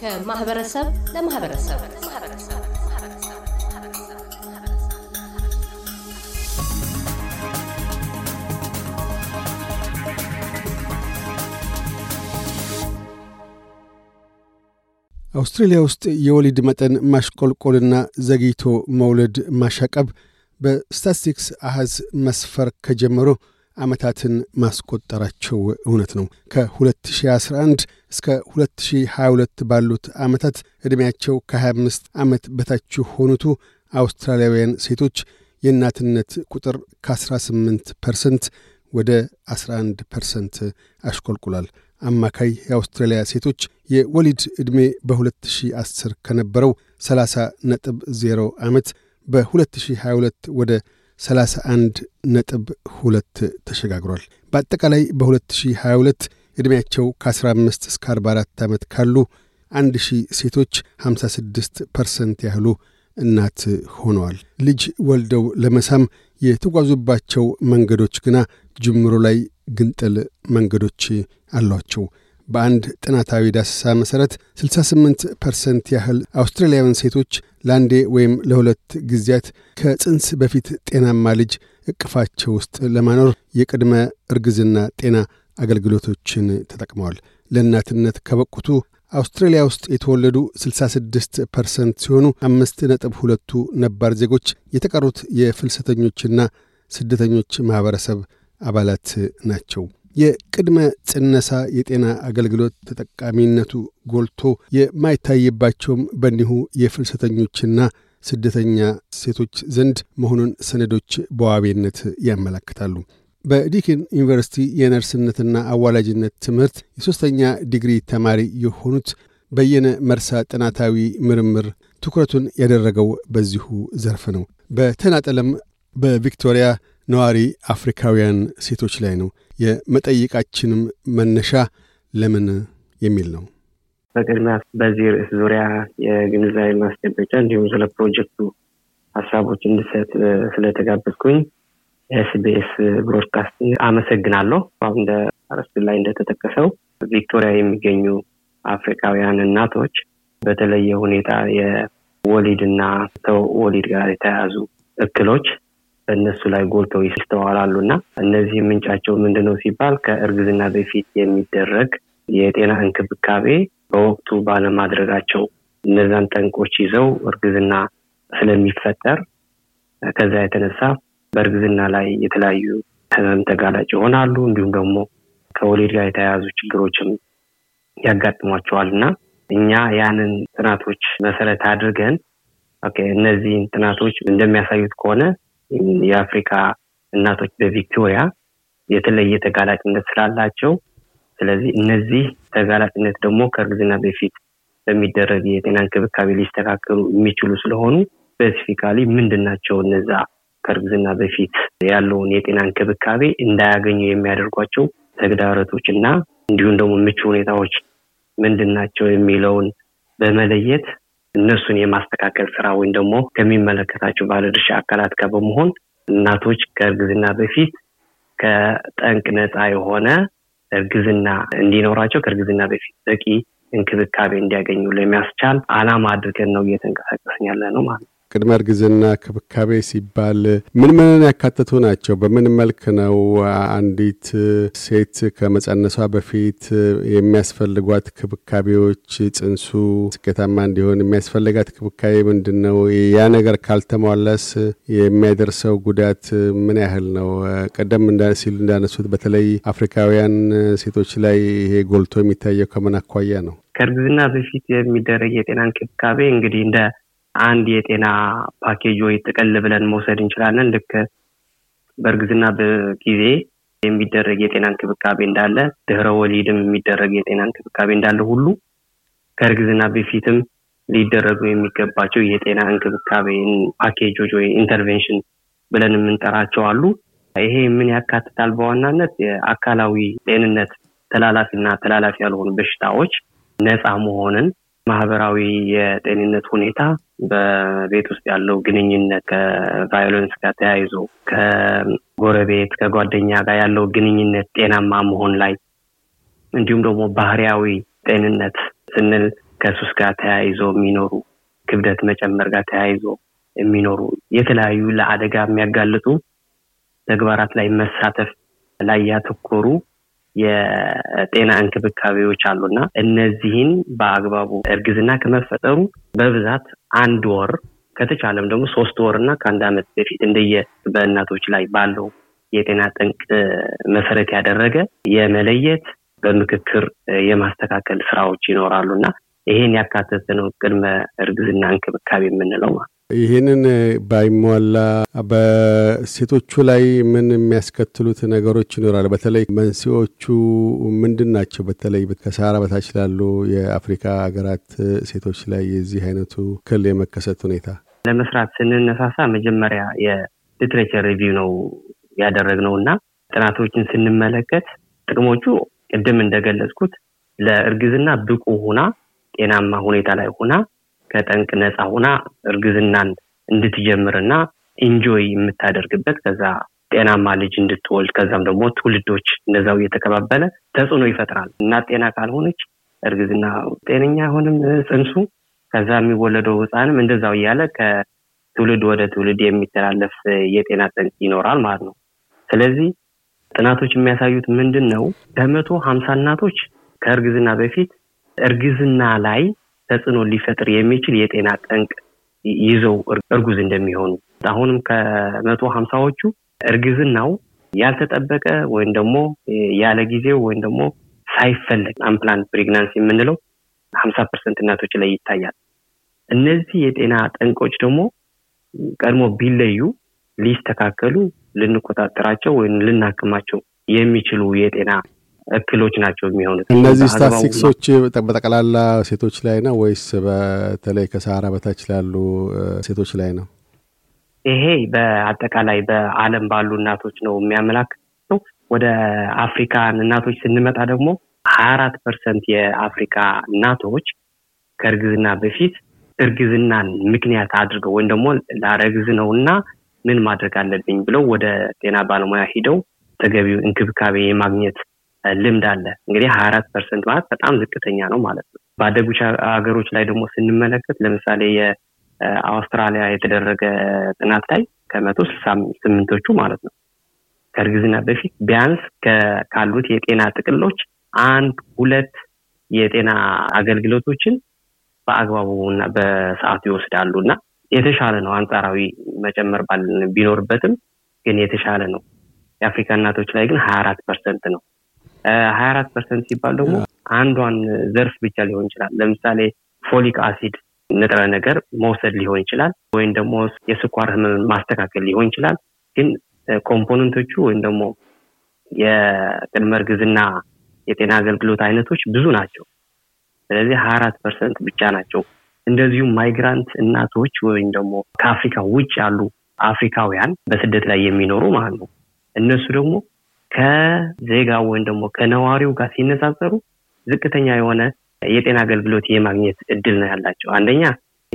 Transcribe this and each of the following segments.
ከማህበረሰብ ለማህበረሰብ አውስትራሊያ ውስጥ የወሊድ መጠን ማሽቆልቆልና ዘግይቶ መውለድ ማሻቀብ በስታትስቲክስ አሃዝ መስፈር ከጀመሩ ዓመታትን ማስቆጠራቸው እውነት ነው። ከ2011 እስከ 2022 ባሉት ዓመታት ዕድሜያቸው ከ25 ዓመት በታች ሆኑቱ አውስትራሊያውያን ሴቶች የእናትነት ቁጥር ከ18 ፐርሰንት ወደ 11 ፐርሰንት አሽቆልቁሏል። አማካይ የአውስትራሊያ ሴቶች የወሊድ ዕድሜ በ2010 ከነበረው 30 ነጥብ 0 ዓመት በ2022 ወደ 31 ነጥብ 2 ተሸጋግሯል። በአጠቃላይ በ2022 ዕድሜያቸው ከ15 እስከ 44 ዓመት ካሉ 1000 ሴቶች 56 ፐርሰንት ያህሉ እናት ሆነዋል። ልጅ ወልደው ለመሳም የተጓዙባቸው መንገዶች ግና ጅምሮ ላይ ግንጥል መንገዶች አሏቸው። በአንድ ጥናታዊ ዳሰሳ መሠረት 68 ፐርሰንት ያህል አውስትራሊያውያን ሴቶች ለአንዴ ወይም ለሁለት ጊዜያት ከጽንስ በፊት ጤናማ ልጅ እቅፋቸው ውስጥ ለማኖር የቅድመ እርግዝና ጤና አገልግሎቶችን ተጠቅመዋል። ለእናትነት ከበቁቱ አውስትራሊያ ውስጥ የተወለዱ 66 ፐርሰንት ሲሆኑ አምስት ነጥብ ሁለቱ ነባር ዜጎች የተቀሩት የፍልሰተኞችና ስደተኞች ማኅበረሰብ አባላት ናቸው። የቅድመ ጽነሳ የጤና አገልግሎት ተጠቃሚነቱ ጎልቶ የማይታይባቸውም በእኒሁ የፍልሰተኞችና ስደተኛ ሴቶች ዘንድ መሆኑን ሰነዶች በዋቤነት ያመለክታሉ። በዲኪን ዩኒቨርሲቲ የነርስነትና አዋላጅነት ትምህርት የሦስተኛ ዲግሪ ተማሪ የሆኑት በየነ መርሳ ጥናታዊ ምርምር ትኩረቱን ያደረገው በዚሁ ዘርፍ ነው። በተናጠለም በቪክቶሪያ ነዋሪ አፍሪካውያን ሴቶች ላይ ነው። የመጠይቃችንም መነሻ ለምን የሚል ነው። በቅድሚያ በዚህ ርዕስ ዙሪያ የግንዛቤ ማስጨበጫ እንዲሁም ስለ ፕሮጀክቱ ሀሳቦች እንድሰጥ ስለተጋበዝኩኝ ኤስቢኤስ ብሮድካስት አመሰግናለሁ። አሁን እንደ አረስቱ ላይ እንደተጠቀሰው ቪክቶሪያ የሚገኙ አፍሪካውያን እናቶች በተለየ ሁኔታ የወሊድ እና ከወሊድ ጋር የተያያዙ እክሎች በእነሱ ላይ ጎልተው ይስተዋላሉ እና እነዚህ ምንጫቸው ምንድነው ሲባል ከእርግዝና በፊት የሚደረግ የጤና እንክብካቤ በወቅቱ ባለማድረጋቸው እነዛን ጠንቆች ይዘው እርግዝና ስለሚፈጠር ከዛ የተነሳ በእርግዝና ላይ የተለያዩ ህመም ተጋላጭ ይሆናሉ። እንዲሁም ደግሞ ከወሊድ ጋር የተያያዙ ችግሮችም ያጋጥሟቸዋል እና እኛ ያንን ጥናቶች መሰረት አድርገን እነዚህን ጥናቶች እንደሚያሳዩት ከሆነ የአፍሪካ እናቶች በቪክቶሪያ የተለየ ተጋላጭነት ስላላቸው ስለዚህ እነዚህ ተጋላጭነት ደግሞ ከእርግዝና በፊት በሚደረግ የጤና እንክብካቤ ሊስተካከሉ የሚችሉ ስለሆኑ ስፔሲፊካሊ ምንድን ናቸው እነዛ ከእርግዝና በፊት ያለውን የጤና እንክብካቤ እንዳያገኙ የሚያደርጓቸው ተግዳረቶች እና እንዲሁም ደግሞ ምቹ ሁኔታዎች ምንድን ናቸው የሚለውን በመለየት እነሱን የማስተካከል ስራ ወይም ደግሞ ከሚመለከታቸው ባለድርሻ አካላት ጋር በመሆን እናቶች ከእርግዝና በፊት ከጠንቅ ነፃ የሆነ እርግዝና እንዲኖራቸው ከእርግዝና በፊት በቂ እንክብካቤ እንዲያገኙ ለሚያስቻል አላማ አድርገን ነው እየተንቀሳቀስን ያለ ነው ማለት ነው። ቅድመ እርግዝና ክብካቤ ሲባል ምን ምንን ያካተቱ ናቸው? በምን መልክ ነው አንዲት ሴት ከመጸነሷ በፊት የሚያስፈልጓት ክብካቤዎች? ጽንሱ ስኬታማ እንዲሆን የሚያስፈልጋት ክብካቤ ምንድን ነው? ያ ነገር ካልተሟላስ የሚያደርሰው ጉዳት ምን ያህል ነው? ቀደም ሲሉ እንዳነሱት በተለይ አፍሪካውያን ሴቶች ላይ ይሄ ጎልቶ የሚታየው ከምን አኳያ ነው? ከእርግዝና በፊት የሚደረግ የጤና እንክብካቤ እንግዲህ እንደ አንድ የጤና ፓኬጅ ወይ ጥቅል ብለን መውሰድ እንችላለን። ልክ በእርግዝና ጊዜ የሚደረግ የጤና እንክብካቤ እንዳለ፣ ድህረ ወሊድም የሚደረግ የጤና እንክብካቤ እንዳለ ሁሉ ከእርግዝና በፊትም ሊደረጉ የሚገባቸው የጤና እንክብካቤ ፓኬጆች ወይ ኢንተርቬንሽን ብለን የምንጠራቸው አሉ። ይሄ ምን ያካትታል? በዋናነት የአካላዊ ጤንነት፣ ተላላፊና ተላላፊ ያልሆኑ በሽታዎች ነፃ መሆንን፣ ማህበራዊ የጤንነት ሁኔታ በቤት ውስጥ ያለው ግንኙነት ከቫዮለንስ ጋር ተያይዞ ከጎረቤት ከጓደኛ ጋር ያለው ግንኙነት ጤናማ መሆን ላይ እንዲሁም ደግሞ ባህሪያዊ ጤንነት ስንል ከሱስ ጋር ተያይዞ የሚኖሩ ክብደት መጨመር ጋር ተያይዞ የሚኖሩ የተለያዩ ለአደጋ የሚያጋልጡ ተግባራት ላይ መሳተፍ ላይ ያተኮሩ የጤና እንክብካቤዎች አሉና እነዚህን በአግባቡ እርግዝና ከመፈጠሩ በብዛት አንድ ወር ከተቻለም ደግሞ ሶስት ወር እና ከአንድ ዓመት በፊት እንደየ በእናቶች ላይ ባለው የጤና ጠንቅ መሰረት ያደረገ የመለየት በምክክር የማስተካከል ስራዎች ይኖራሉ እና ይሄን ያካተተ ነው ቅድመ እርግዝና እንክብካቤ የምንለው ማለት ይህንን ባይሟላ በሴቶቹ ላይ ምን የሚያስከትሉት ነገሮች ይኖራል? በተለይ መንስኤዎቹ ምንድን ናቸው? በተለይ ከሰሃራ በታች ላሉ የአፍሪካ ሀገራት ሴቶች ላይ የዚህ አይነቱ ክል የመከሰት ሁኔታ ለመስራት ስንነሳሳ መጀመሪያ የሊትሬቸር ሪቪው ነው ያደረግነው እና ጥናቶችን ስንመለከት ጥቅሞቹ ቅድም እንደገለጽኩት ለእርግዝና ብቁ ሆና ጤናማ ሁኔታ ላይ ሆና ከጠንቅ ነፃ ሁና እርግዝናን እንድትጀምርና ኢንጆይ የምታደርግበት ከዛ ጤናማ ልጅ እንድትወልድ ከዛም ደግሞ ትውልዶች እንደዛው እየተከባበለ ተጽዕኖ ይፈጥራል። እናት ጤና ካልሆነች እርግዝና ጤነኛ አይሆንም ጽንሱ። ከዛ የሚወለደው ህፃንም እንደዛው እያለ ከትውልድ ወደ ትውልድ የሚተላለፍ የጤና ጠንቅ ይኖራል ማለት ነው። ስለዚህ ጥናቶች የሚያሳዩት ምንድን ነው? ከመቶ ሀምሳ እናቶች ከእርግዝና በፊት እርግዝና ላይ ተጽዕኖ ሊፈጥር የሚችል የጤና ጠንቅ ይዘው እርጉዝ እንደሚሆኑ አሁንም ከመቶ ሀምሳዎቹ እርግዝናው ያልተጠበቀ ወይም ደግሞ ያለ ጊዜው ወይም ደግሞ ሳይፈለግ አምፕላንት ፕሬግናንስ የምንለው ሀምሳ ፐርሰንት እናቶች ላይ ይታያል። እነዚህ የጤና ጠንቆች ደግሞ ቀድሞ ቢለዩ ሊስተካከሉ ልንቆጣጠራቸው ወይም ልናክማቸው የሚችሉ የጤና እክሎች ናቸው የሚሆኑት። እነዚህ ስታሲክሶች በጠቅላላ ሴቶች ላይ ነው ወይስ በተለይ ከሰሃራ በታች ላሉ ሴቶች ላይ ነው? ይሄ በአጠቃላይ በዓለም ባሉ እናቶች ነው የሚያመላክተው። ወደ አፍሪካን እናቶች ስንመጣ ደግሞ ሀያ አራት ፐርሰንት የአፍሪካ እናቶች ከእርግዝና በፊት እርግዝናን ምክንያት አድርገው ወይም ደግሞ ላረግዝ ነው እና ምን ማድረግ አለብኝ ብለው ወደ ጤና ባለሙያ ሂደው ተገቢው እንክብካቤ የማግኘት ልምድ አለ። እንግዲህ ሀያ አራት ፐርሰንት ማለት በጣም ዝቅተኛ ነው ማለት ነው። በአደጉ ሀገሮች ላይ ደግሞ ስንመለከት ለምሳሌ የአውስትራሊያ የተደረገ ጥናት ላይ ከመቶ ስልሳ ስምንቶቹ ማለት ነው ከእርግዝና በፊት ቢያንስ ካሉት የጤና ጥቅሎች አንድ ሁለት የጤና አገልግሎቶችን በአግባቡ እና በሰዓቱ ይወስዳሉ እና የተሻለ ነው። አንጻራዊ መጨመር ባለን ቢኖርበትም ግን የተሻለ ነው። የአፍሪካ እናቶች ላይ ግን ሀያ አራት ፐርሰንት ነው። ሀያ አራት ፐርሰንት ሲባል ደግሞ አንዷን ዘርፍ ብቻ ሊሆን ይችላል። ለምሳሌ ፎሊክ አሲድ ንጥረ ነገር መውሰድ ሊሆን ይችላል፣ ወይም ደግሞ የስኳር ህመም ማስተካከል ሊሆን ይችላል። ግን ኮምፖነንቶቹ ወይም ደግሞ የቅድመ እርግዝና የጤና አገልግሎት አይነቶች ብዙ ናቸው። ስለዚህ ሀያ አራት ፐርሰንት ብቻ ናቸው። እንደዚሁም ማይግራንት እናቶች ወይም ደግሞ ከአፍሪካ ውጭ ያሉ አፍሪካውያን በስደት ላይ የሚኖሩ ማለት ነው እነሱ ደግሞ ከዜጋው ወይም ደግሞ ከነዋሪው ጋር ሲነጻጸሩ ዝቅተኛ የሆነ የጤና አገልግሎት የማግኘት እድል ነው ያላቸው። አንደኛ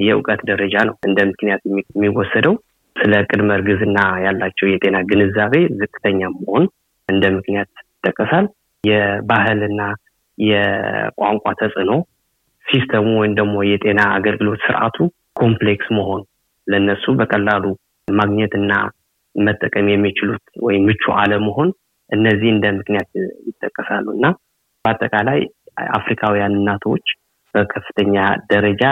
የእውቀት ደረጃ ነው እንደ ምክንያት የሚወሰደው። ስለ ቅድመ እርግዝና ያላቸው የጤና ግንዛቤ ዝቅተኛ መሆን እንደ ምክንያት ይጠቀሳል። የባህልና የቋንቋ ተጽዕኖ፣ ሲስተሙ ወይም ደግሞ የጤና አገልግሎት ስርዓቱ ኮምፕሌክስ መሆን ለነሱ በቀላሉ ማግኘትና መጠቀም የሚችሉት ወይም ምቹ አለመሆን እነዚህ እንደ ምክንያት ይጠቀሳሉ እና በአጠቃላይ አፍሪካውያን እናቶች በከፍተኛ ደረጃ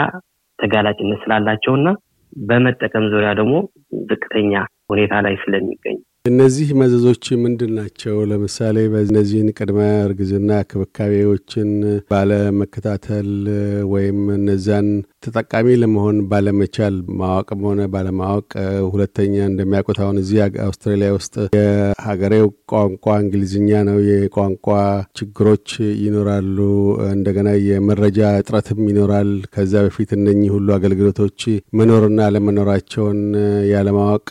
ተጋላጭነት ስላላቸው እና በመጠቀም ዙሪያ ደግሞ ዝቅተኛ ሁኔታ ላይ ስለሚገኝ እነዚህ መዘዞች ምንድን ናቸው? ለምሳሌ በእነዚህን ቅድመ እርግዝና ክብካቤዎችን ባለመከታተል ወይም እነዛን ተጠቃሚ ለመሆን ባለመቻል ማወቅም ሆነ ባለማወቅ፣ ሁለተኛ እንደሚያውቁት አሁን እዚህ አውስትራሊያ ውስጥ የሀገሬው ቋንቋ እንግሊዝኛ ነው። የቋንቋ ችግሮች ይኖራሉ። እንደገና የመረጃ እጥረትም ይኖራል። ከዛ በፊት እነኚህ ሁሉ አገልግሎቶች መኖርና አለመኖራቸውን ያለማወቅ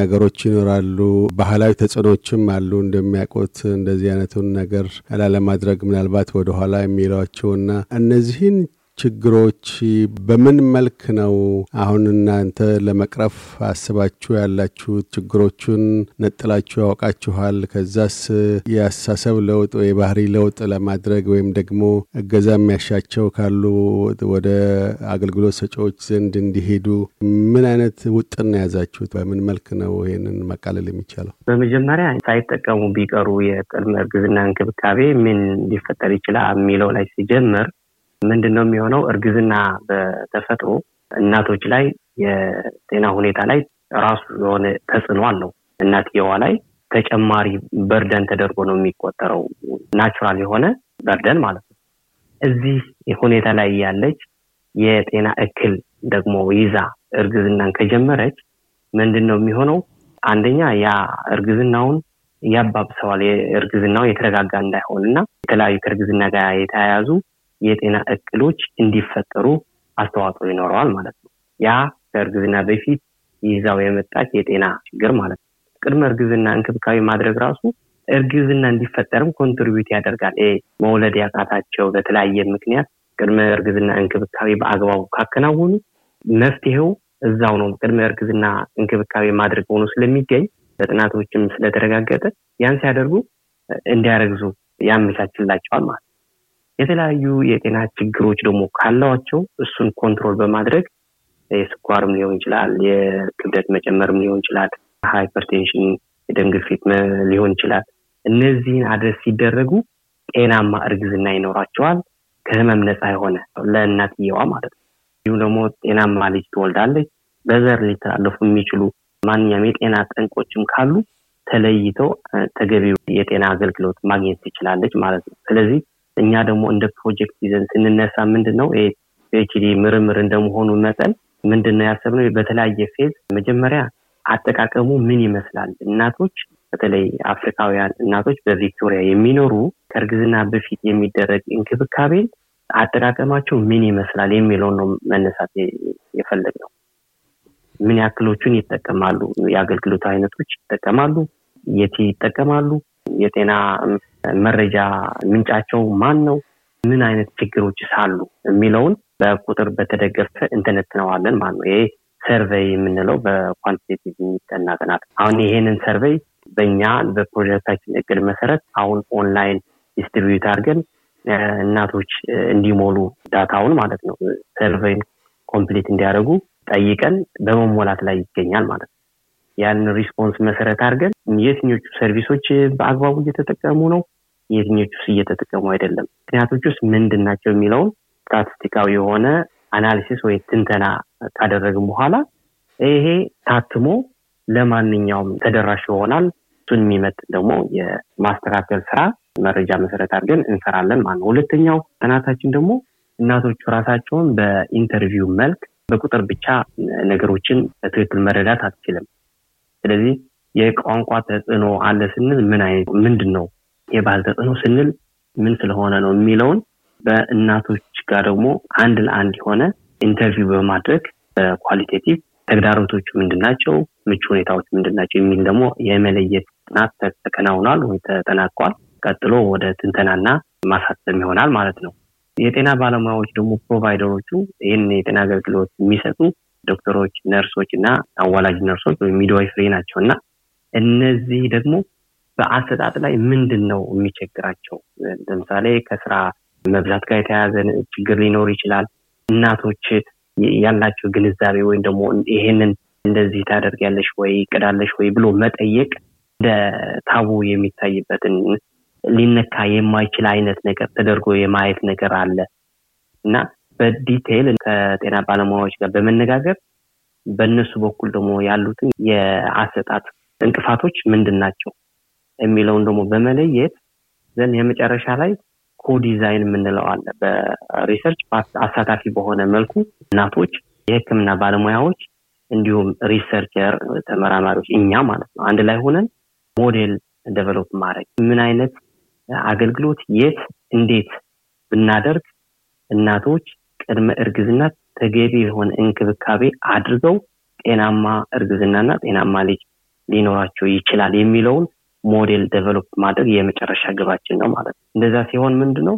ነገሮች ይኖራሉ። ባህላዊ ተጽዕኖችም አሉ። እንደሚያውቁት እንደዚህ አይነቱን ነገር ላለማድረግ ምናልባት ወደኋላ የሚለዋቸውና እነዚህን ችግሮች በምን መልክ ነው አሁን እናንተ ለመቅረፍ አስባችሁ ያላችሁት? ችግሮቹን ነጥላችሁ ያውቃችኋል? ከዛስ የአስተሳሰብ ለውጥ ወይ ባህሪ ለውጥ ለማድረግ ወይም ደግሞ እገዛ የሚያሻቸው ካሉ ወደ አገልግሎት ሰጪዎች ዘንድ እንዲሄዱ ምን አይነት ውጥን ነው የያዛችሁት? በምን መልክ ነው ይህንን መቃለል የሚቻለው? በመጀመሪያ ሳይጠቀሙ ቢቀሩ የቅድመ እርግዝና እንክብካቤ ምን ሊፈጠር ይችላል የሚለው ላይ ሲጀምር ምንድን ነው የሚሆነው? እርግዝና በተፈጥሮ እናቶች ላይ የጤና ሁኔታ ላይ ራሱ የሆነ ተጽዕኖ አለው። እናትየዋ ላይ ተጨማሪ በርደን ተደርጎ ነው የሚቆጠረው። ናቹራል የሆነ በርደን ማለት ነው። እዚህ ሁኔታ ላይ ያለች የጤና እክል ደግሞ ይዛ እርግዝናን ከጀመረች ምንድን ነው የሚሆነው? አንደኛ ያ እርግዝናውን ያባብሰዋል። እርግዝናው የተረጋጋ እንዳይሆን እና የተለያዩ ከእርግዝና ጋር የተያያዙ የጤና እቅሎች እንዲፈጠሩ አስተዋጽኦ ይኖረዋል ማለት ነው። ያ ከእርግዝና በፊት ይዛው የመጣች የጤና ችግር ማለት ነው። ቅድመ እርግዝና እንክብካቤ ማድረግ ራሱ እርግዝና እንዲፈጠርም ኮንትሪቢዩት ያደርጋል። መውለድ ያቃታቸው በተለያየ ምክንያት ቅድመ እርግዝና እንክብካቤ በአግባቡ ካከናወኑ መፍትሄው እዛው ነው። ቅድመ እርግዝና እንክብካቤ ማድረግ ሆኖ ስለሚገኝ በጥናቶችም ስለተረጋገጠ ያን ሲያደርጉ እንዲያረግዙ ያመቻችላቸዋል ማለት ነው። የተለያዩ የጤና ችግሮች ደግሞ ካለዋቸው እሱን ኮንትሮል በማድረግ የስኳርም ሊሆን ይችላል፣ የክብደት መጨመርም ሊሆን ይችላል፣ ሃይፐርቴንሽን የደም ግፊት ሊሆን ይችላል። እነዚህን አድረስ ሲደረጉ ጤናማ እርግዝና ይኖራቸዋል። ከህመም ነፃ የሆነ ለእናትየዋ ማለት ነው። እንዲሁም ደግሞ ጤናማ ልጅ ትወልዳለች። በዘር ሊተላለፉ የሚችሉ ማንኛውም የጤና ጠንቆችም ካሉ ተለይተው ተገቢው የጤና አገልግሎት ማግኘት ትችላለች ማለት ነው። ስለዚህ እኛ ደግሞ እንደ ፕሮጀክት ይዘን ስንነሳ ምንድን ነው ፒኤችዲ ምርምር እንደመሆኑ መጠን ምንድን ነው ያሰብነው በተለያየ ፌዝ መጀመሪያ አጠቃቀሙ ምን ይመስላል እናቶች በተለይ አፍሪካውያን እናቶች በቪክቶሪያ የሚኖሩ ከእርግዝና በፊት የሚደረግ እንክብካቤን አጠቃቀማቸው ምን ይመስላል የሚለውን ነው መነሳት የፈለግ ነው። ምን ያክሎቹን ይጠቀማሉ? የአገልግሎት አይነቶች ይጠቀማሉ? የት ይጠቀማሉ? የጤና መረጃ ምንጫቸው ማን ነው፣ ምን አይነት ችግሮች ሳሉ የሚለውን በቁጥር በተደገፈ እንተነትነዋለን ማለት ነው። ይሄ ሰርቬይ የምንለው በኳንቲቲቭ የሚጠና ጥናት። አሁን ይሄንን ሰርቬይ በእኛ በፕሮጀክታችን እቅድ መሰረት አሁን ኦንላይን ዲስትሪቢዩት አድርገን እናቶች እንዲሞሉ ዳታውን ማለት ነው ሰርቬይን ኮምፕሊት እንዲያደርጉ ጠይቀን በመሞላት ላይ ይገኛል ማለት ነው። ያንን ሪስፖንስ መሰረት አድርገን የትኞቹ ሰርቪሶች በአግባቡ እየተጠቀሙ ነው፣ የትኞቹስ እየተጠቀሙ አይደለም፣ ምክንያቶች ውስጥ ምንድን ናቸው የሚለውን ስታቲስቲካዊ የሆነ አናሊሲስ ወይ ትንተና ካደረግን በኋላ ይሄ ታትሞ ለማንኛውም ተደራሽ ይሆናል። እሱን የሚመጥ ደግሞ የማስተካከል ስራ መረጃ መሰረት አድርገን እንሰራለን ማለት ነው። ሁለተኛው ጥናታችን ደግሞ እናቶቹ ራሳቸውን በኢንተርቪው መልክ በቁጥር ብቻ ነገሮችን በትክክል መረዳት አትችልም። ስለዚህ የቋንቋ ተጽዕኖ አለ ስንል ምን አይነት ምንድን ነው የባህል ተጽዕኖ ስንል ምን ስለሆነ ነው የሚለውን በእናቶች ጋር ደግሞ አንድ ለአንድ የሆነ ኢንተርቪው በማድረግ በኳሊቴቲቭ ተግዳሮቶቹ ናቸው? ምቹ ሁኔታዎች ምንድናቸው የሚል ደግሞ የመለየት ጥናት ተከናውኗል ወይ ተጠናቋል። ቀጥሎ ወደ ትንተናና ማሳተም ይሆናል ማለት ነው። የጤና ባለሙያዎች ደግሞ ፕሮቫይደሮቹ ይህን የጤና አገልግሎት የሚሰጡ ዶክተሮች፣ ነርሶች እና አዋላጅ ነርሶች ወይም ፍሬ ናቸው እና እነዚህ ደግሞ በአሰጣጥ ላይ ምንድን ነው የሚቸግራቸው? ለምሳሌ ከስራ መብዛት ጋር የተያያዘ ችግር ሊኖር ይችላል። እናቶች ያላቸው ግንዛቤ ወይም ደግሞ ይሄንን እንደዚህ ታደርጊያለሽ ወይ ቅዳለሽ ወይ ብሎ መጠየቅ እንደ ታቡ የሚታይበትን ሊነካ የማይችል አይነት ነገር ተደርጎ የማየት ነገር አለ እና በዲቴይል ከጤና ባለሙያዎች ጋር በመነጋገር በእነሱ በኩል ደግሞ ያሉትን የአሰጣጥ እንቅፋቶች ምንድን ናቸው የሚለውን ደግሞ በመለየት ዘን የመጨረሻ ላይ ኮዲዛይን የምንለው አለ። በሪሰርች አሳታፊ በሆነ መልኩ እናቶች፣ የህክምና ባለሙያዎች እንዲሁም ሪሰርቸር ተመራማሪዎች፣ እኛ ማለት ነው አንድ ላይ ሆነን ሞዴል ደቨሎፕ ማድረግ ምን አይነት አገልግሎት የት እንዴት ብናደርግ እናቶች ቅድመ እርግዝና ተገቢ የሆነ እንክብካቤ አድርገው ጤናማ እርግዝናና ጤናማ ልጅ ሊኖራቸው ይችላል የሚለውን ሞዴል ቨሎፕ ማድረግ የመጨረሻ ግባችን ነው ማለት ነው። እንደዛ ሲሆን ምንድን ነው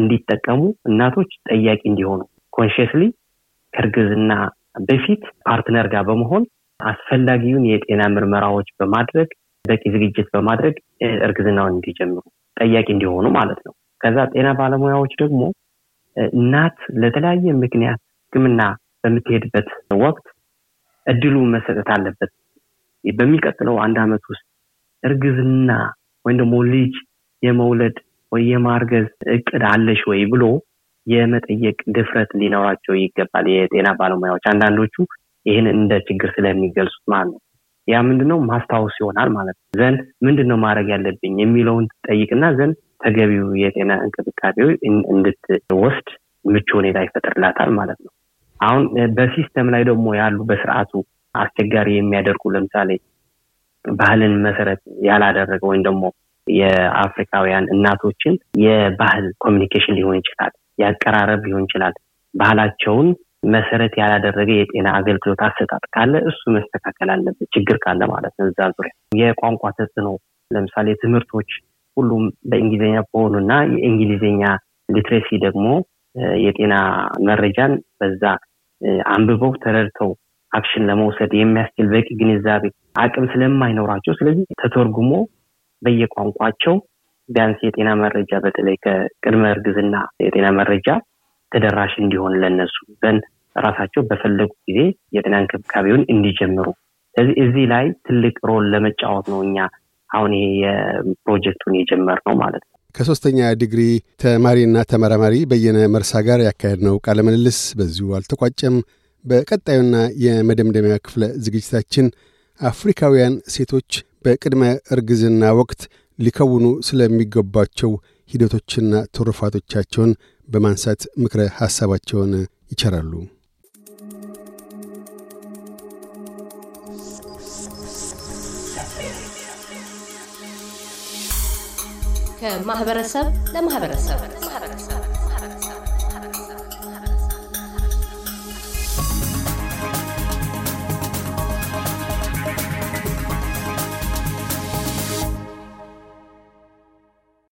እንዲጠቀሙ እናቶች ጠያቂ እንዲሆኑ ኮንሽስሊ ከእርግዝና በፊት ፓርትነር ጋር በመሆን አስፈላጊውን የጤና ምርመራዎች በማድረግ በቂ ዝግጅት በማድረግ እርግዝናውን እንዲጀምሩ ጠያቂ እንዲሆኑ ማለት ነው። ከዛ ጤና ባለሙያዎች ደግሞ እናት ለተለያየ ምክንያት ህክምና በምትሄድበት ወቅት እድሉ መሰጠት አለበት። በሚቀጥለው አንድ ዓመት ውስጥ እርግዝና ወይም ደግሞ ልጅ የመውለድ ወይ የማርገዝ እቅድ አለሽ ወይ ብሎ የመጠየቅ ድፍረት ሊኖራቸው ይገባል የጤና ባለሙያዎች። አንዳንዶቹ ይህን እንደ ችግር ስለሚገልጹት ማለት ነው። ያ ምንድነው ማስታወስ ይሆናል ማለት ነው። ዘንድ ምንድነው ማድረግ ያለብኝ የሚለውን ትጠይቅና ዘንድ ተገቢው የጤና እንክብካቤው እንድትወስድ ምቹ ሁኔታ ይፈጥርላታል ማለት ነው። አሁን በሲስተም ላይ ደግሞ ያሉ በስርዓቱ አስቸጋሪ የሚያደርጉ ለምሳሌ ባህልን መሰረት ያላደረገ ወይም ደግሞ የአፍሪካውያን እናቶችን የባህል ኮሚኒኬሽን ሊሆን ይችላል፣ የአቀራረብ ሊሆን ይችላል። ባህላቸውን መሰረት ያላደረገ የጤና አገልግሎት አሰጣጥ ካለ እሱ መስተካከል አለበት፣ ችግር ካለ ማለት ነው። እዛ ዙሪያ የቋንቋ ተጽዕኖ ለምሳሌ ትምህርቶች ሁሉም በእንግሊዝኛ ከሆኑ እና የእንግሊዝኛ ሊትሬሲ ደግሞ የጤና መረጃን በዛ አንብበው ተረድተው አክሽን ለመውሰድ የሚያስችል በቂ ግንዛቤ አቅም ስለማይኖራቸው ስለዚህ ተተርጉሞ በየቋንቋቸው ቢያንስ የጤና መረጃ በተለይ ከቅድመ እርግዝና የጤና መረጃ ተደራሽ እንዲሆን ለነሱ ዘን ራሳቸው በፈለጉ ጊዜ የጤና እንክብካቤውን እንዲጀምሩ ስለዚህ እዚህ ላይ ትልቅ ሮል ለመጫወት ነው እኛ አሁን ይሄ የፕሮጀክቱን የጀመር ነው ማለት ነው። ከሶስተኛ ዲግሪ ተማሪና ተመራማሪ በየነ መርሳ ጋር ያካሄድ ቃለ ምልልስ በዚሁ አልተቋጨም። በቀጣዩና የመደምደሚያ ክፍለ ዝግጅታችን አፍሪካውያን ሴቶች በቅድመ እርግዝና ወቅት ሊከውኑ ስለሚገባቸው ሂደቶችና ትሩፋቶቻቸውን በማንሳት ምክረ ሐሳባቸውን ይቸራሉ። ከማህበረሰብ ለማህበረሰብ